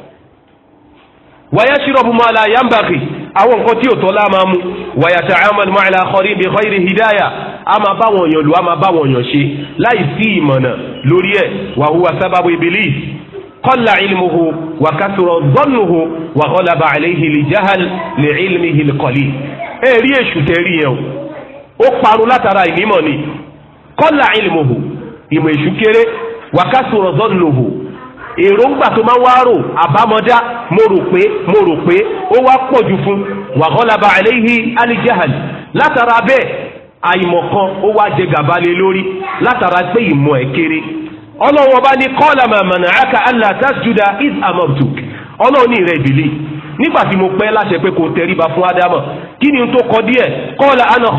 Speaker 1: wayashirabu ma la yanbaghi àwọn nǹkan tí ò tọ́ la máa mu wayata'amal ma'a al-akhirin bi ghayri hidaya a máa bá wọn yàn lò a máa bá wọn yàn ṣe láì sí ìmọ̀nà lórí wa huwa sábàbù ibilis qalla ilmuhu wa kathura dhannuhu wa ghalaba alayhi al-jahl li ilmihi al-qalil. ẹ rí èṣù tẹ rí yẹn o ó parun látara ìnímọ̀ ni ilmuhu ìmọ̀ èṣù kéré wa kathura dhannuhu èròǹgbà tó máa ń wá rò àbámọ́dá mo rò pé mo rò pé ó wá pọ̀ jù fún alijahal látara bẹ́ẹ̀ àìmọ̀kan ó wá jẹ gàba lórí látara gbé ìmọ̀ ẹ̀ kéré ọlọ́wọ́n bá ní qala ma mana'aka alla tasjuda iz amartuk ọlọ́wọ́n ní ìrẹ́ ìbílẹ̀ nígbà tí mo pẹ́ láṣẹ pé kò fún kí ni n tó kọ díẹ̀ ana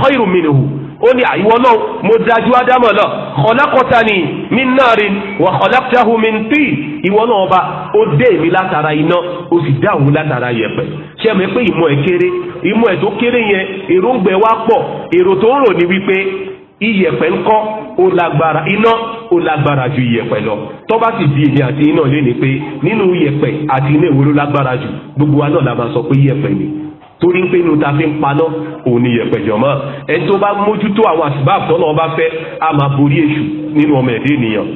Speaker 1: ó ní àyíwọ́ náà mo dájú ádámọ̀ lọ khalaqtani min narin wa khalaqtahu min tin ìwọ náà ọba ó dé èmi látara iná ó sì dá òun látara yẹ̀pẹ̀ ṣé mi pé ìmọ̀ ẹ̀ kéré ìmọ̀ ẹ̀ tó kéré yẹn èròǹgbẹ wa pọ̀ èrò tó ń rò ní wípé iyẹ̀pẹ̀ ńkọ́ ó lágbára iná ó lágbára ju iyẹ̀pẹ̀ lọ tó bá sì di èmi àti iná lé ni pé nínú iyẹ̀pẹ̀ àti iná èwo ló lágbára jù gbogbo wa náà la máa sọ pé iyẹ̀pẹ̀ ni torí pé inú ta fi ń paná òun ni yẹ̀pẹ̀jọ̀ mọ́ ẹni tó bá mójútó àwọn àsìbáàbù tó náà bá fẹ́ a máa borí èṣù nínú ọmọ ẹ̀dẹ́ ènìyàn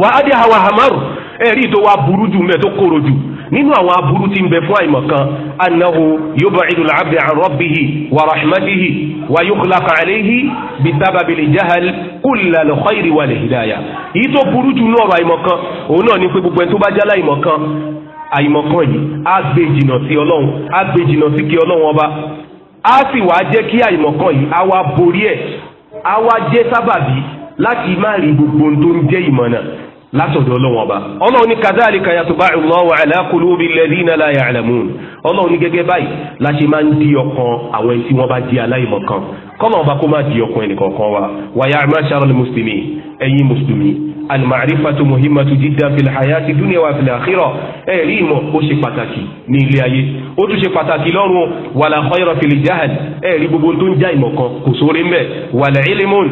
Speaker 1: wà á dé àwọn àmárù ẹ̀rí tó wá burú jù mẹ́ tó kóró jù nínú àwọn aburú tí ń bẹ fún àìmọ̀kan anahu yub'idu al-'abda 'an rabbihi wa rahmatihi wa yukhlaqa 'alayhi bisababi al-jahl kulla al-khayri wal-hidayah èyí tó burú jù náà ọ̀rọ̀ àìmọ̀kan òun náà ní pé gbogbo ẹni tó bá jálá àìmọ̀kan àìmọ̀kan yìí á gbé jìnnà sí ọlọ́run á gbé jìnnà sí kí ọlọ́run ọba á sì wá jẹ́ kí àìmọ̀kan yìí á wá borí ẹ̀ á wá jẹ́ sábàbí láti má rí gbogbo ohun tó ń jẹ́ ìmọ̀nà látọ̀dọ̀ ọlọ́run ọba ọlọ́run ní kadhalika yatba'u Allahu ala qulubi alladhina la ya'lamun ọlọ́run ní gẹ́gẹ́ báyìí la ṣe máa ń di ọkàn àwọn ẹni tí wọ́n bá di aláìmọ̀kan kọ́lọ́run ọba kó má di ọkàn ẹnìkọ̀ọ̀kan wa wa ya ma'shara al-muslimin mùsùlùmí alimarifatu muhimmatu jidda fil hayati dunya wa fil akhirah ẹ rí ìmọ̀ ó ṣe pàtàkì ní ilé ayé ó tún ṣe pàtàkì lọ́run wàlà khayra fil jahal ẹ rí gbogbo tó ń já ìmọ̀ kan kò sóore mbẹ wàlà ilmun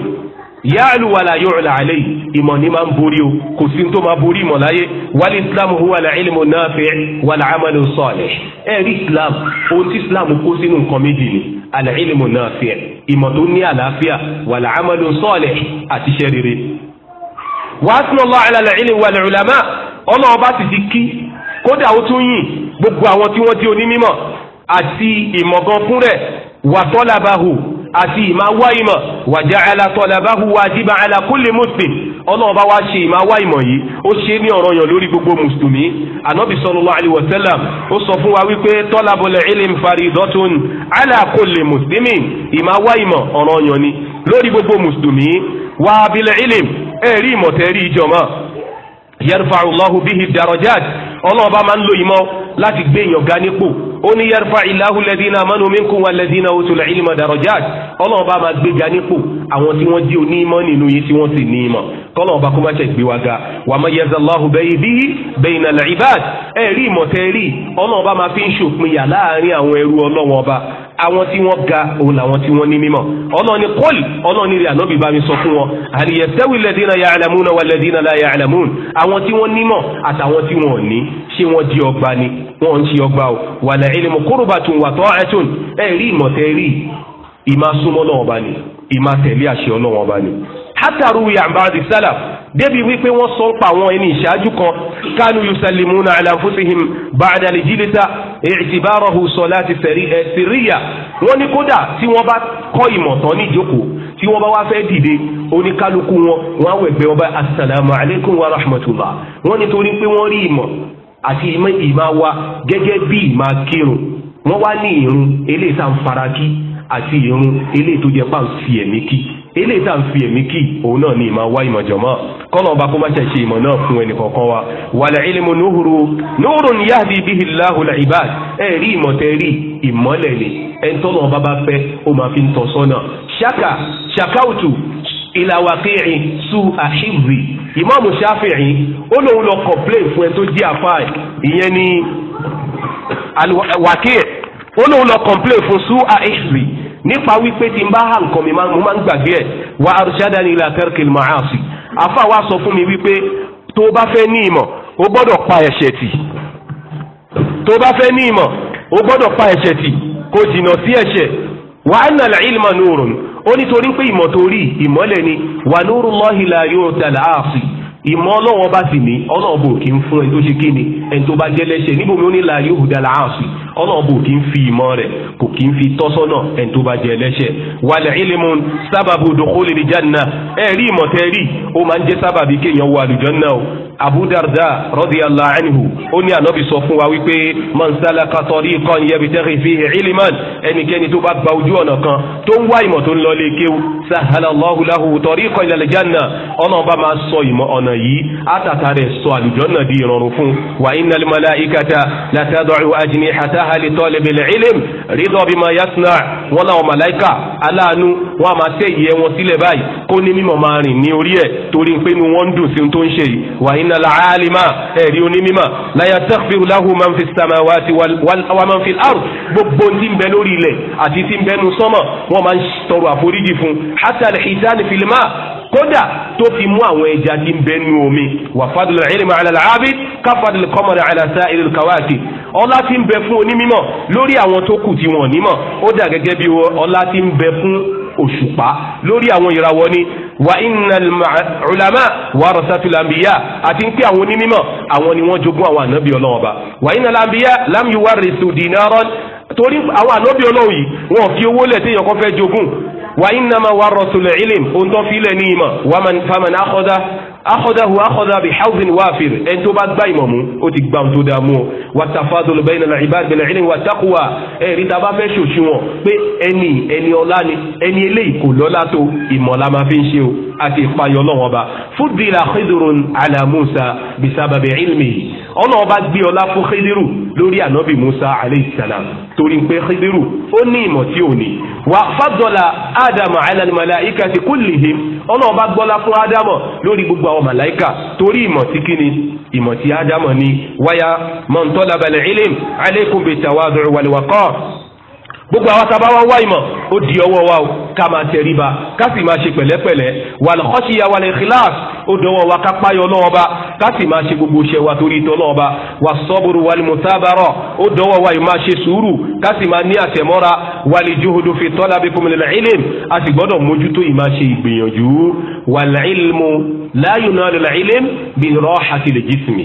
Speaker 1: yaalu wàlà yu'la alayhi ìmọ̀ ní máa ń borí o kò sí tó máa borí ìmọ̀ láyé wàlà islam huwa la ilmu nafi' wàlà amalu salih ẹ rí islam ohun tí islam kó sínú nǹkan méjì ni alẹ́ ilmu nafi' ìmọ̀ tó ní àlàáfíà wàlà amalu salih àti rere wàásù Allah ala al-ilm wal ulama ọlọ́ọ̀bá ti fi kí kódà ó tún yìn gbogbo àwọn tí wọ́n di onímọ̀ àti ìmọ̀gàn fún rẹ̀ wà tọ́lábàhù àti ìmáwá ìmọ̀ wa ja'ala tọ́lábàhù wajiba ala kulli muslim ọlọ́ọ̀bá wa ṣe ìmáwá ìmọ̀ yìí ó ṣe ní ọ̀ranyàn lórí gbogbo mùsùlùmí ànábì sallallahu alaihi wasallam ó sọ fún wa wípé talabul ilm faridatun ala kulli muslimin ìmáwá ìmọ̀ ọ̀ranyàn ni lórí gbogbo mùsùlùmí wà bil ilim ẹ̀rí ìmọ̀tẹ́rí ìjọ̀mọ́ yarfa allahu bihi darajat ọlọ́run bá máa ń lo ìmọ̀ láti gbé èèyàn ga nípò ó ní yarfa ilahu lẹ́dínà amánu minkum wà lẹ́dínà utul ilma darajat ọlọ́run bá máa gbé ga nípò àwọn tí wọ́n jẹ́ onímọ̀ nínú yìí tí wọ́n sì ní ìmọ̀ kọ́lọ́run bá kó má ṣe gbé wa ga wà má yẹ zàlláhu bẹ́ẹ̀ bihi bayna al ibad ẹ̀rí ìmọ̀tẹ́rí ọlọ́run bá máa fi ń ṣòpin yà láàárín àwọn ẹrú ọlọ́run ọba àwọn tí wọ́n ga òun làwọn tí wọ́n ní mímọ̀ ọlọ́ni kọ́lì ọlọ́ni rẹ̀ ànábì bá mi sọ fún wọn àlìyẹsẹ́wì lẹ́dínà ya àlàmúnà wà lẹ́dínà láyà àlàmún àwọn tí wọ́n nímọ̀ àtàwọn tí wọ́n ní ṣé wọ́n di ọgbà ni wọ́n ń ṣe ọgbà o wà lẹ́ ilmu kúrúbàtún wà tọ́ ẹ̀tún ẹ̀ rí ìmọ̀tẹ́ rí ìmá súnmọ́ náà ọba ni ìmá tẹ̀lé àṣẹ ọlọ́wọ́n ọba ni hátàrú yàmbáàdì sálà débi wípé wọ́n sọ ń pa àwọn ẹni ìṣáájú kan kánú yusallimuna ala anfusihim ba'da al-jilsa i'tibarahu salati eh, sirriya wọ́n ní kódà tí wọ́n bá kọ́ ìmọ̀tán níjókòó tí wọ́n bá wá fẹ́ dìde oníkálukú wọn wọ́n á wẹ̀gbẹ́ wọn bá assalamu alaykum wa rahmatullah wọ́n nítorí pé wọ́n rí ìmọ̀ àti ìmá wa gẹ́gẹ́ bí ìmá kírun wọ́n wá ní ìrun eléyìí tá à ń fara kí àti ìrun eléyìí tó jẹ́ pà ń fi ẹ̀mí kí eléyìí tá à ń fi èmi kì òun náà ni ìmọ̀ wá ìmọ̀ jọ̀mọ́ kọ́nà ọba kó má ṣe ṣe ìmọ̀ náà fún ẹnì kọ̀ọ̀kan wa wàlẹ̀ ilmu nuhuru nuhuru ni yahdi bihi Allahu la ibad ẹ̀ rí ìmọ̀ tẹ́ rí ìmọ̀lẹ̀ ni ẹ̀ tọ́nà ọba bá fẹ́ ó máa fi ń tọ́ sọ́nà ṣaka ṣakautu ìlà su àṣìbì ìmáàmù ṣáfìrì ó lóun lọ complain fún ẹ tó jí àfáà ìyẹn ni lọ complain fún su àṣìbì nípa wípé tí n bá hàn kàn mi mo máa ń gbàgbé ẹ̀ wà arshadani ila tarkil ma'asi àfa wa sọ fún mi wípé tó o bá fẹ́ ní ìmọ̀ o gbọ́dọ̀ pa ẹ̀ṣẹ̀ tì tó o bá fẹ́ ní ìmọ̀ o gbọ́dọ̀ pa ẹ̀ṣẹ̀ tì kò jìnnà sí ẹ̀ṣẹ̀ wa anna al-ilma nurun ó nítorí pé ìmọ̀ tó rí ìmọ̀lẹ̀ ni wà nurullahi la yu'tal 'asi ìmọ̀ ọlọ́wọ́ bá sì ní ọlọ́ọ̀bù kì í fún ẹni tó ṣe kí ni ẹni tó bá jẹ́ lẹ́ṣẹ̀ níbo mi ó ní la yu'tal 'asi ọlọ́run bò kí ń fi ìmọ̀ rẹ̀ kò kí ń fi tọ́sọ́nà ẹni tó bá jẹ ẹlẹ́ṣẹ̀ wàlẹ̀ ìlímù sábàbù dòkólè ní jàǹnà ẹ̀rí ìmọ̀tẹ́rì ó máa ń jẹ́ sábàbí kéèyàn wọ àlùjànnà o abu darda radiyallahu anhu ó ní ànábì sọ fún wa wípé man salaka tariqan yabtaghi fihi ilman ẹnikẹ́ni tó bá gba ojú ọ̀nà kan tó ń wá ìmọ̀ tó ń lọ lé e kéwú sahhalallahu lahu tariqan ila aljanna ọ̀nà bá máa sọ ìmọ̀ ọ̀nà yìí àtàtà rẹ̀ sọ àlùjọ́nà di ìrọ̀rùn fún wa innal malaikata la tad'u ajnihataha ahli talibil ilm rídọ̀ bí máa yásùnà wọn làwọn màláìkà aláàánú wọn a máa tẹ ìyẹ́ wọn sílẹ̀ báyìí kó ní mímọ̀ máa rìn ní orí ẹ̀ torí pé inú wọn ń dùn sí tó ń ṣe yìí wa inna al-alima ẹ̀rí onímímọ̀ la yastaghfiru lahu man fi samawati wa man fi al gbogbo tí ń bẹ lórí ilẹ̀ àti tí ń bẹnu sánmọ̀ wọn máa ń tọrọ àforíjì fún hatta kódà tó fi mú àwọn ẹja tí ń bẹ nú omi wà fadùlù ilmi ala al-abid ká fadùlù kọ́mọ̀rẹ́ ala sa'iril kawakib ọlá tí ń bẹ fún onímọ̀ lórí àwọn tó kù tí wọ́n nímọ̀ ó dà gẹ́gẹ́ bí ọlá tí ń bẹ fún òṣùpá lórí àwọn ìràwọ̀ ni wa innal ulama warasatul anbiya àti ń pé àwọn onímọ̀ àwọn ni wọ́n jogún àwọn ànábì ọlọ́wọ́n ba wa innal anbiya lam yuwarrisu dinaran torí àwọn ànábì ọlọ́wọ́ yìí wọn fi owó lẹ̀ téèyàn kan fẹ́ jogún وإنما ورث العلم أنت في لنيمة ومن فمن أخذه akọdahu akọda bi hawzin wafir ẹni tó bá gbá ìmọ̀ mú ó ti gbà tó dààmú ọ watafadul bayna al-ibad bil-ilmi wa taqwa ẹ̀rí tá a bá fẹ́ ṣòṣì wọn pé ẹni ẹni ọlá ni ẹni eléyìí kò lọ́lá tó ìmọ̀ la máa fi ń ṣe o àti ìpayọ̀ lọ́wọ́n ba fudila khidrun ala musa bisababi ilmi ọlọ́wọ́n bá gbé ọlá fún khidiru lórí ànábì musa alayhi salam torí pé khidiru ó ní ìmọ̀ tí ò ní wa fadola adama ala al-malaikati kullihim ọlọ́run bá gbọ́lá fún ádámọ̀ lórí gbogbo àwọn màláìkà torí ìmọ̀ tí kíni ìmọ̀ tí ádámọ̀ ni wáyà mọ̀ntọ́lá balẹ̀ ilim aleikum bi tawadu wal waqa gbogbo àwọn sábà wá wá ìmọ̀ ó di ọwọ́ wa o ká máa tẹríba ká sì máa ṣe pẹ̀lẹ́pẹ̀lẹ́ wal khashiya wal ikhlas ó dọwọ́ wa ká páyọ̀ lọ́wọ́ bá ká sì máa ṣe gbogbo iṣẹ́ torí ìtọ́ lọ́wọ́ bá was sabru ó dọ́wọ́ wa yìí máa ṣe sùúrù ká sì máa ní àtẹ̀mọ́ra wàlíjúhudu fi talabikum lil ilm a sì gbọ́dọ̀ mójútó yìí máa ṣe ìgbìyànjú wal ilmu la yunalu lil ilm bi rahatil jismi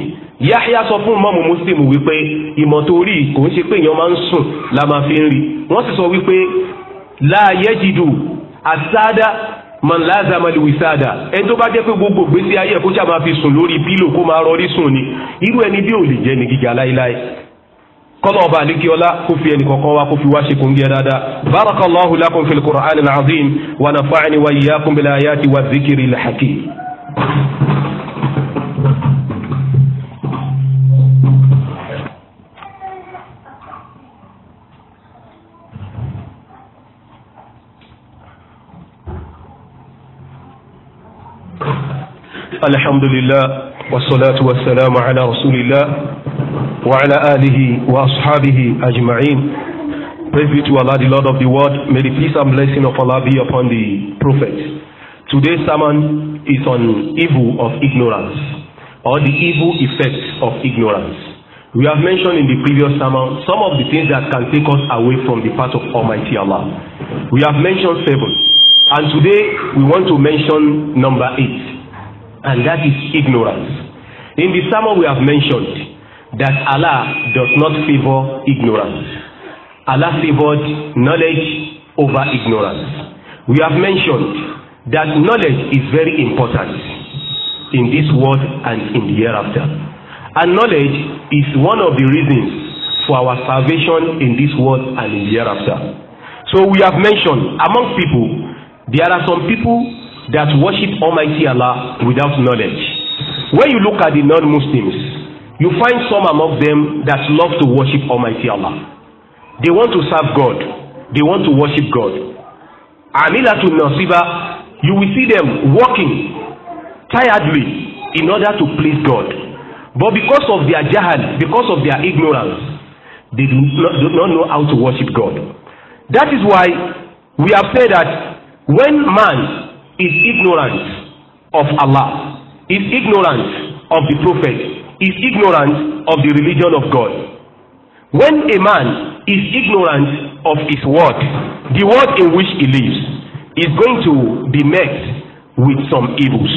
Speaker 1: yáhíá sọ fún mọ́mù muslim wípé ìmọ̀ tó rí kò ń ṣe pé èèyàn máa ń sùn la máa fi ń rí wọ́n sì sọ wípé la yajidu àsáádá man lazama liwisada ẹni tó bá jẹ́ pé gbogbo gbèsè ayé ẹ̀ kó sábà fi sùn lórí pílò kó máa rọrí sùn ni irú ẹni bí ò lè jẹ́ ní gíga láéláé kọ́lọ̀ ọba àdékíọ́lá kó fi ẹnì kọ̀ọ̀kan wa kó fi wá ṣe kò ń gẹ dáadáa. barakallahu lakum fil qur'an al-azim wa nafa'ani wa iyyakum bil ayati wa dhikri al-hakim. الحمد لله والصلاة والسلام على رسول الله وعلى آله وأصحابه أجمعين Praise be to Allah, the Lord of the world. May the peace and blessing of Allah be upon the Prophet. Today's sermon is on evil of ignorance or the evil effects of ignorance. We have mentioned in the previous sermon some of the things that can take us away from the path of Almighty Allah. We have mentioned seven, and today we want to mention number eight and that is ignorance. In the sermon we have mentioned that Allah does not favor ignorance. Allah favored knowledge over ignorance. We have mentioned that knowledge is very important in this world and in the hereafter. And knowledge is one of the reasons for our salvation in this world and in the hereafter. So we have mentioned among people, there are some people that worship Almighty Allah without knowledge. When you look at the non-Muslims, you find some among them that love to worship Almighty Allah. They want to serve God. They want to worship God. Amilatu Nasiba, you will see them working tiredly in order to please God. But because of their jahal, because of their ignorance, they do not, do not know how to worship God. That is why we have said that when man is ignorant of Allah, is ignorant of the Prophet, is ignorant of the religion of God. When a man is ignorant of his word, the world in which he lives is going to be met with some evils.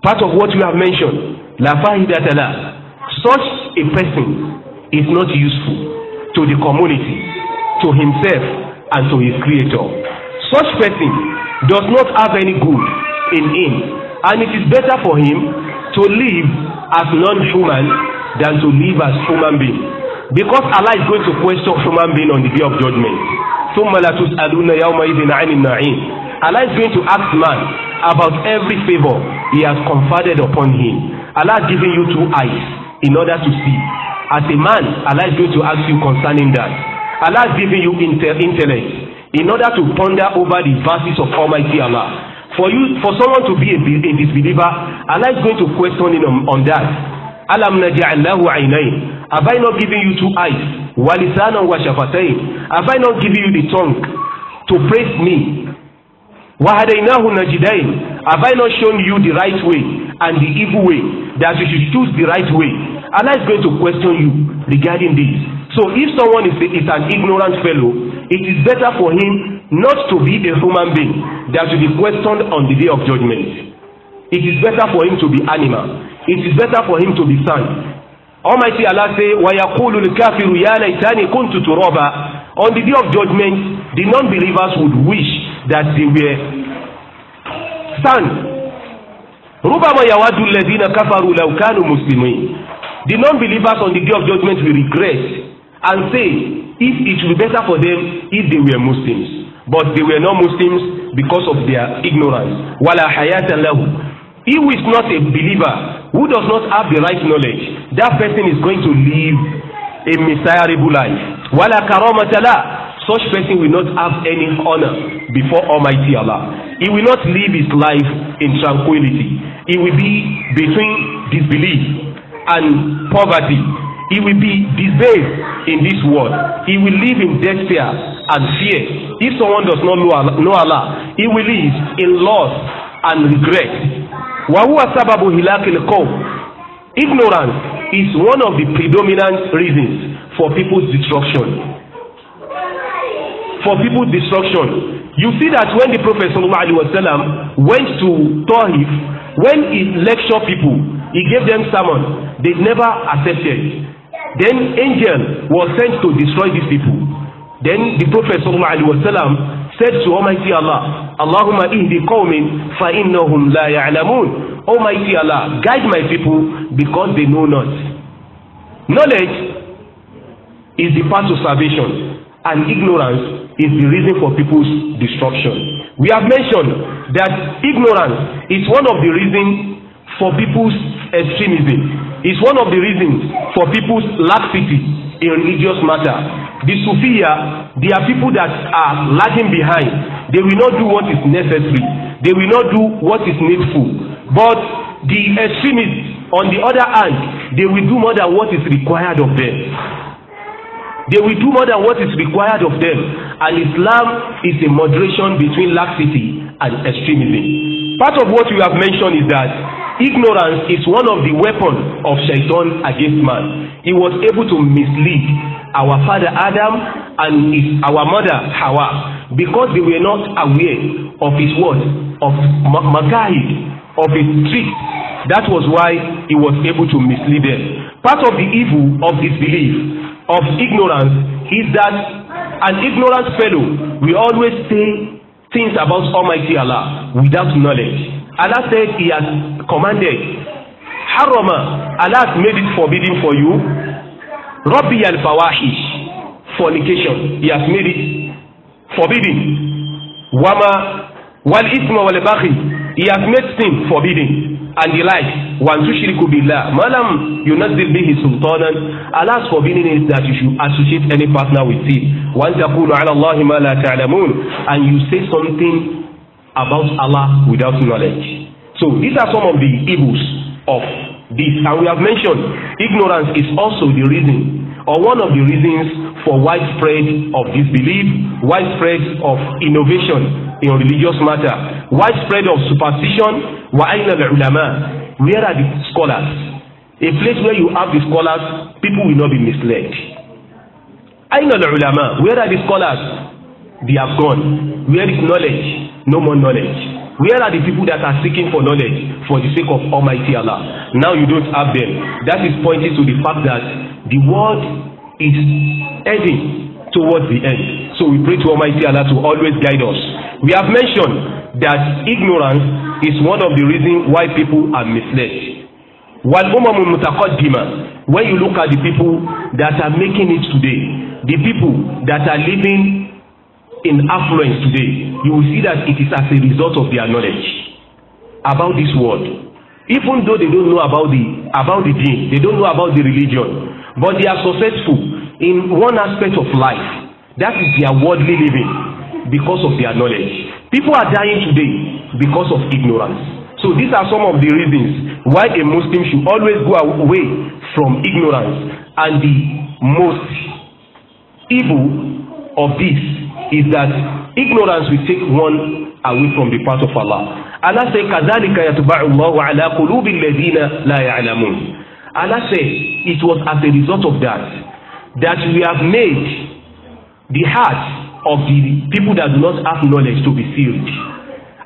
Speaker 1: Part of what we have mentioned, la fahidatala, such a person is not useful to the community, to himself, and to his creator. Such person does not have any good in him and it is better for him to live as non-human than to live as human being because Allah is going to question human being on the day of judgment ثم لتسألن يومئذ عن النعيم Allah is going to ask man about every favor he has conferred upon him Allah has given you two eyes in order to see as a man Allah is going to ask you concerning that Allah has given you intellect in order to ponder over the verses of Almighty Allah for you for someone to be a, a disbeliever Allah is going to question him on, on that alam naj'al lahu aynayn have I not given you two eyes wa lisanan have I not given you the tongue to praise me wa najidain. have I not shown you the right way and the evil way that you should choose the right way Allah is going to question you regarding this so if someone is, a, is an ignorant fellow it is better for him not to be a human being than to be questioned on the day of judgment. It is better for him to be animal. It is better for him to be sand. Almighty Allah say, وَيَقُولُ الْكَافِرُ يَا لَيْتَنِي كُنْتُ تُرَابًا On the day of judgment, the non-believers would wish that they were sand. رُبَمَا يَوَدُّ الَّذِينَ كَفَرُوا لَوْ كَانُوا مُسْلِمِينَ The non-believers on the day of judgment will regret and say, if it would be better for them if they were Muslims but they were not Muslims because of their ignorance wala hayatan lahum he who is not a believer who does not have the right knowledge that person is going to live a miserable life wala karamata lah such person will not have any honor before Almighty Allah. He will not live his life in tranquility. He will be between disbelief and poverty. He will be disgraced in this world. He will live in despair and fear. If someone does not know Allah, know Allah he will live in loss and regret. Wahuwa sababu hilakil qawm. Ignorance is one of the predominant reasons for people's destruction. For people's destruction. You see that when the Prophet sallallahu alaihi wasallam went to Taif, when he lectured people, he gave them sermon, they never accepted. Then angel was sent to destroy these people. Then the Prophet sallallahu alaihi wasallam said to Almighty Allah, Allahumma ihdi qawmin fa innahum la ya'lamun. Almighty Allah, guide my people because they know not. Knowledge is the path to salvation and ignorance is the reason for people's destruction. We have mentioned that ignorance is one of the reasons for people's extremism is one of the reasons for people's laxity in religious matter. The Sufiya, they are people that are lagging behind. They will not do what is necessary. They will not do what is needful. But the extremists, on the other hand, they will do more than what is required of them. They will do more than what is required of them. And Islam is a moderation between laxity and extremism. Part of what we have mentioned is that ignorance is one of the weapons of shaitan against man. He was able to mislead our father Adam and his, our mother Hawa because they were not aware of his word, of makahid, of his trick. That was why he was able to mislead them. Part of the evil of disbelief, of ignorance, is that an ignorant fellow will always say things about Almighty Allah without knowledge Allah said he has commanded Haram. Allah has made it forbidden for you rabbi al-fawahish fornication he has made it forbidden wama wal isma wal baghi he has made sin forbidden and the like wa an tushriku billah ma lam yunazzil bihi sultanan Allah has forbidden is that you should associate any partner with him wa an taqulu ala Allah, ma la ta'lamun and you say something about Allah without knowledge. So these are some of the evils of this. And we have mentioned ignorance is also the reason or one of the reasons for widespread of disbelief, widespread of innovation in religious matter, widespread of superstition, wa'ayna al-ulama, where are the scholars? A place where you have the scholars, people will not be misled. Ayna al-ulama, where are the scholars? They have gone. Where is knowledge? no more knowledge. Where are the people that are seeking for knowledge for the sake of Almighty Allah? Now you don't have them. That is pointing to the fact that the world is heading towards the end. So we pray to Almighty Allah to always guide us. We have mentioned that ignorance is one of the reasons why people are misled. Wal umamu mutaqaddima, when you look at the people that are making it today, the people that are living in affluence today, you will see that it is as a result of their knowledge about this world. Even though they don't know about the about the deen, they don't know about the religion, but they are successful in one aspect of life. That is their worldly living because of their knowledge. People are dying today because of ignorance. So these are some of the reasons why a Muslim should always go away from ignorance. And the most evil of this is that ignorance will take one away from the path of Allah. Allah say kazalika yatba'u Allahu ala qulubi alladhina la ya'lamun. Allah say it was as a result of that that we have made the hearts of the people that do not have knowledge to be sealed.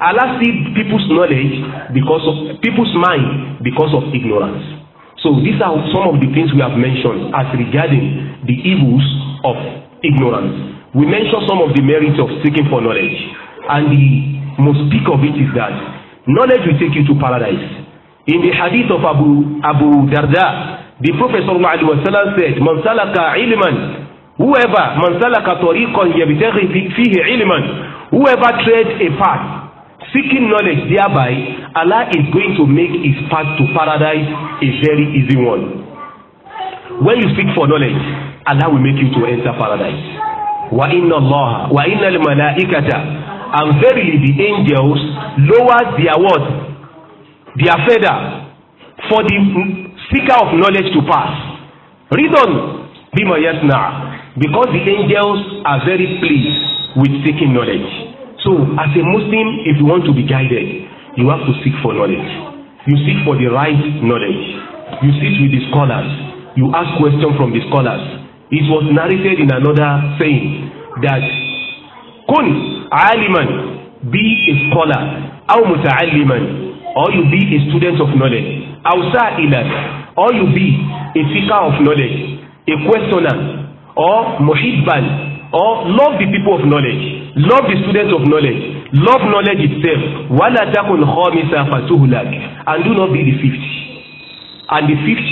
Speaker 1: Allah sealed people's knowledge because of people's mind because of ignorance. So these are some of the things we have mentioned as regarding the evils of ignorance. We mention some of the merits of seeking for knowledge, and the most peak of it is that knowledge will take you to paradise. In the hadith of Abu Abu Darda, the Prophet sallallahu alaihi wasallam said, "Man salaka ilman, whoever man salaka tariqan yabtaghi fihi ilman, whoever treads a path seeking knowledge thereby Allah is going to make his path to paradise a very easy one when you seek for knowledge Allah will make you to enter paradise Wa inna lọ́ha wa inna limana ikata. and verily the angels lower their word their feather for the seeker of knowledge to pass reason bímọ yes na because the angels are very pleased with seeking knowledge so as a muslim if you want to be guided you have to seek for knowledge you seek for the right knowledge you sit with the scholars you ask questions from the scholars It was narrated in another saying that kun aliman be a scholar aw muta'alliman or you be a student of knowledge aw sa'ilan or you be a seeker of knowledge a questioner or muhibban or love the people of knowledge love the students of knowledge love knowledge itself wala takun khamisa fatuhlak and do not be the fifth and the fifth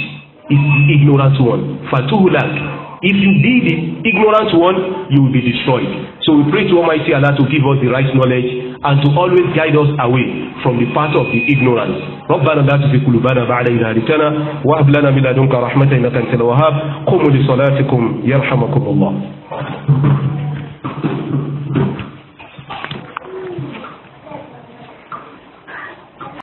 Speaker 1: is the ignorant one fatuhlak If you be the ignorant one, you will be destroyed. So we pray to Almighty Allah to give us the right knowledge and to always guide us away from the path of the ignorance. ربنا لا تزغ قلوبنا بعد إذ هديتنا وهب لنا من لدنك رحمة إنك أنت الوهاب قوموا لصلاتكم يرحمكم الله.